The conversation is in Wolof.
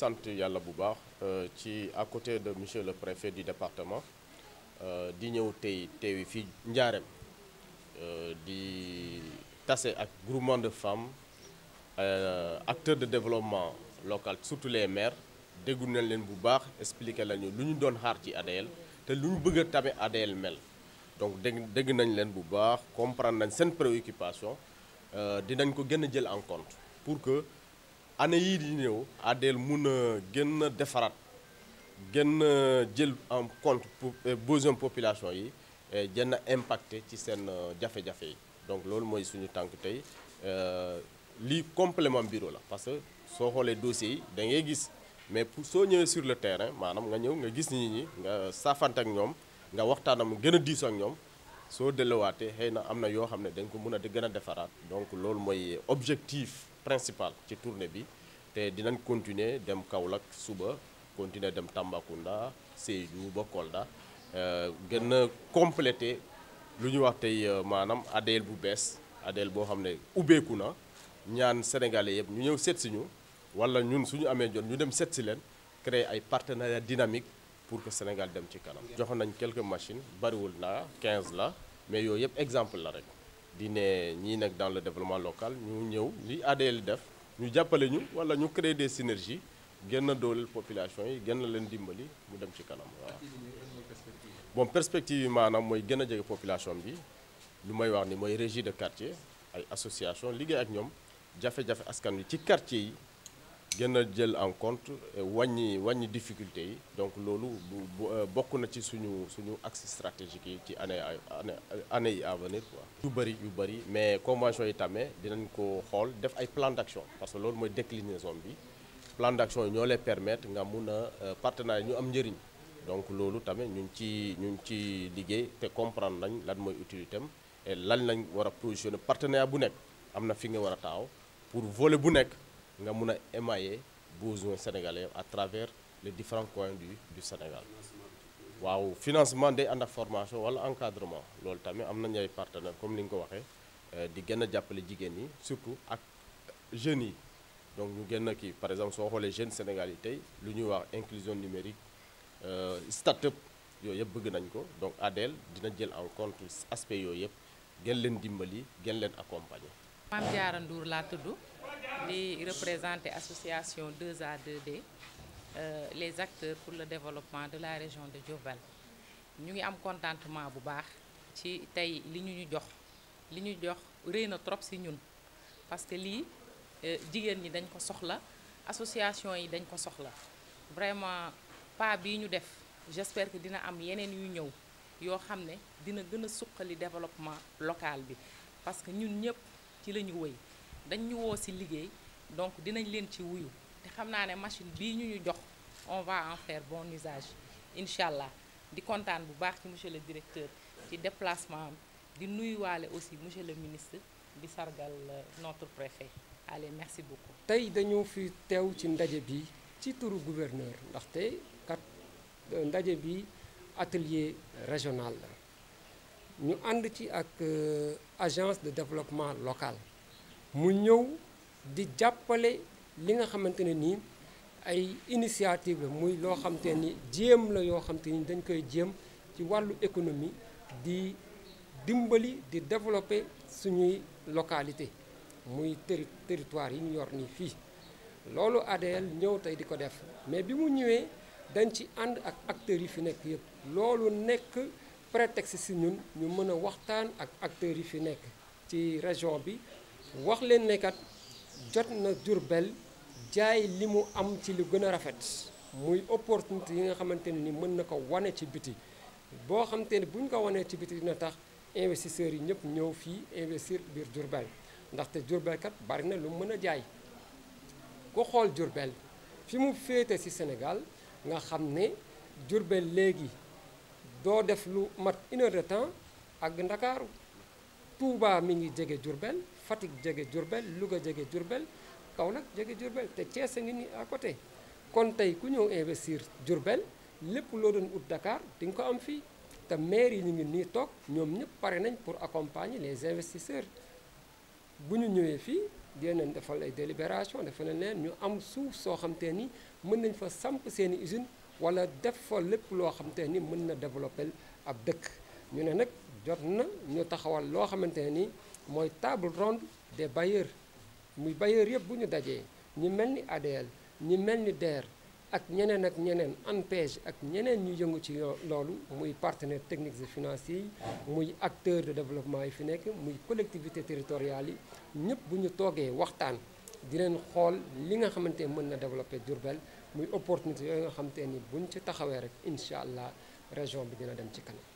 sant yàlla bu baax euh, ci à côté de monsieur le préfet du département euh, di ñëw tey teewi fii Njaareem euh, di tase ak groupement de femmes acteurs de développement local surtout les maires déggu nañ leen bu baax expliqué lañu lu ñu doon xaar ci ADL te lu ñu bëgg a tamit ADL mel donc dégg dégg nañ leen bu baax comprendre nañ seen préoccupation dinañ ko gën jël en compte pour que année yii di ñëw ADL mun a gën a defaraat gën a jël en compte pour eh, besoin population yi eh, gën a impacté ci seen euh, jafe-jafe yi donc loolu mooy suñu tànk tey euh, lii complément bureau la parce que soo xoolee dossiers yi da ngay gis mais pour soo ñëwee sur le terrain maanaam nga ñëw nga gis nit ñi nga saafante ak ñoom nga waxtaanam gën a diisoo ak ñoom soo dellowaatee xëy na am na yoo xam ne dañ ko mën a gën a defaraat donc loolu mooy objectif principal ci tournée bi te dinañ continuer dem Kaolack suba continuer dem Tambacounda Sédhiou ba Kolda euh, gën a complété lu ñu wax tey euh, maanaam ADL bu bees adele boo xam ne ubbeeku na ñaan sénégalais yëpp ñu ñëw seet si ñu wala ñun su ñu amee jot ñu dem seet si leen créer ay partenariat dynamique pour que Sénégal dem ci kanam joxoon nañ quelque machine bariwul naa 15 la mais yooyu yëpp exemple la rek di ne ñii nag dans le développement local ñu ñëw li ADL def ñu jàppale ñu wala ñu créer des synergies gën dooleel population yi génn leen dimbali mu dem ci kanam waaw. bon perspective yi maanaam mooy gën a jege population bi lu may wax ni mooy régi de quartier ay association liggéey ak ñoom jafe-jafe askan wi ci quartier yi. gën jël en compte wàññi wàññi difficulté yi donc loolu bu euh, bokk na ci suñu suñu axe stratégique yi ci année année yi à venir quoi. yu bëri yu bëri mais convention yi tamit dinañ ko xool def ay plan d'action parce que loolu mooy déclinaison bi plan d'action yi ñoo lay permettre nga mun a euh, partenariat ñu am njëriñ donc loolu tamit ñu ngi ci ñu ngi ci liggéey te comprendre nañ lañ mooy utilité am lan lañ war a positionner partenariat bu nekk am na fi nga war a taaw pour volet bu nekk. nga mun a émailler besoin sénégalais à travers le différents coins du du Sénégal waaw financement de ànd ak formation wala encadrement loolu tamit am nañu ay partenaires comme li nga ko waxee euh, di gën a jàppale jigéen yi surtout ak jeunes yi donc ñu gën a kii par exemple soo xoolee jeunes Sénégal yi tey lu ñuy wax inclusion numérique euh, start-up yooyu yëpp bëgg nañ ko donc ADEL dina jël en compte aspect yooyu yëpp gën leen dimbali gën leen accompagner. Maam Diarra Ndour laa tudd di représenter association 2A2D euh, les acteurs pour le développement de la région de Diourbel ñu ngi am contentement bu baax ci tey li ñu ñu jox li ñu jox réy na trop ci ñun parce que lii euh, jigéen ñi dañ ko soxla association yi dañ ko soxla vraiment pas bii ñu def j'espère que dina am yeneen yu ñëw yoo xam ne dina gën a suqali développement locale bi parce ñun ñëpp ci la ñu wëy dañ ñu woo si liggéey donc dinañ leen ci wuyu te xam naa ne machine bii ñu ñu jox on va en faire bon usage incha allah di kontaan bu baax ci monsieur le directeur ci déplacement am di nuyuwaale aussi monsieur le ministre di sargal euh, notre préfet allez merci beaucoup. tey dañu fi teew ci ndaje bi ci turu gouverneur ndaxte kat euh, ndaje bi atelier régional la. ñu ànd ci ak euh, agence de développement locale mu ñëw di jàppale li nga xamante ne nii ay initiative la muy loo xamante ni jéem la yoo xamante ni dañ koy jéem ci wàllu économie di dimbali di développer suñuy localité muy terri yi ñu yor nii fii loolu ADL ñëw tey di ko def mais bi mu ñëwee dañ ci ànd ak acteurs yi fi nekk yëpp loolu nekk prétexte si ñun ñu mën a waxtaan ak acteurs yi fi nekk ci région bi wax leen ne kat jot na jurbel jaay li mu am ci lu gën a rafet muy opportunité yi nga xamante ne ni mën na ko wane ci biti boo xamante ne bu ñu ko wanee ci biti dina tax investisseurs yi ñëpp ñëw fii investir biir Diourbel ndaxte Diourbel kat bari na lu mën a jaay ku xool Diourbel fi mu féete ci Sénégal nga xam ne jurbel léegi doo def lu mat une heure de temps ak Ndakaaru Touba mi ngi jege Diourbel Fatick jege Diourbel Louga jege Diourbel Kaolack jege Diourbel te Thiès a ngi nii à côté kon tey ku ñëw investir Diourbel lépp loo doon ut Dakar di nga ko am fii te maire yi ñu ngi nii toog ñoom ñëpp pare nañ pour accompagner les investisseurs bu ñu ñëwee fii dinañ defal délibération defal leen ñu am suuf soo xam te ni mën nañ fa samp seeni usine wala def fa lépp loo xamante ni mën na développer ab dëkk ñu ne nag jot na ñu taxawal loo xamante ne ni mooy table ronde des bailleurs muy bailleurs yëpp bu ñu dajee ñi mel ni ADL ñi mel ni DER ak ñeneen ak ñeneen ANPEJ ak ñeneen ñu yëngu ci loolu muy partenaires technique et financiers yi muy acteurs de développement yi fi nekk muy collectivités territoriales yi ñëpp bu ñu toogee waxtaan di leen xool li nga xamante mën na développer Diourbel muy opportunité yooyu nga xam te bu buñ ci taxawee rek incha allah région bi dina dem ci kanam.